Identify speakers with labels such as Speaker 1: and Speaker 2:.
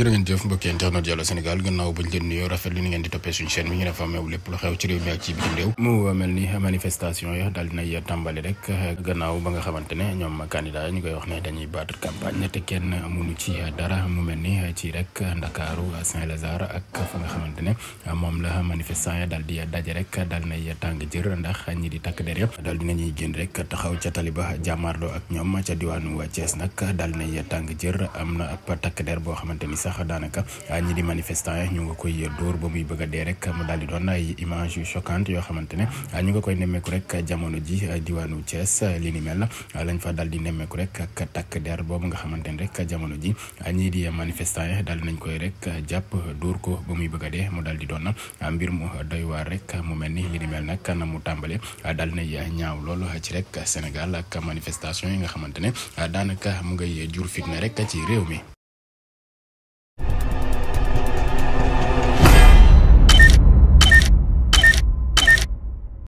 Speaker 1: jërë ngeen jëf mbokki internet Allô Sénégal gannaaw bañ leen nuyoo rafet li ni ngeen di toppee suñu chaîne bi ñu dafa meew lépp lu xew ci réew mi ak ci bitim réew mu mel ni manifestation ya daal dinay tàmbali rek gannaaw ba nga xamante ne ñoom candidat yi ñu koy wax ne dañuy battre campagne te kenn amuñu ci dara mu mel ni ci rek Ndakaaru Saint-Lazare ak fa nga xamante ne moom la manifestant ya daal di daje rek daal dinay tàng jër ndax ñi di takk der yëpp daal dinañuy génn rek taxaw ca taliba jàmmaarloo ak ñoom ca diwaanu Thiès nag daal dinay tàng jër am na ab takk der boo xamante ni sax sax daanaka ñi di manifestant ñu nga koy dóor ba muy bëgg a dee rek mu daal di doon ay image yu choquante yoo xamante ne ñu nga koy nemmeeku rek jamono ji diwaanu Thiès li ni mel lañ fa daal di nemmeeku rek ak takk der boobu nga xamante ne rek jamono ji ñii di manifestant yi nañ koy rek jàpp dóor ko ba muy bëgg a dee mu daal di doon mbir mu doy waar rek mu mel ni li ni mel nag na mu tàmbale daal nay ñaaw lool ci rek Sénégal ak manifestation yi nga xamante ne daanaka mu ngay jur fitna rek ci réew mi.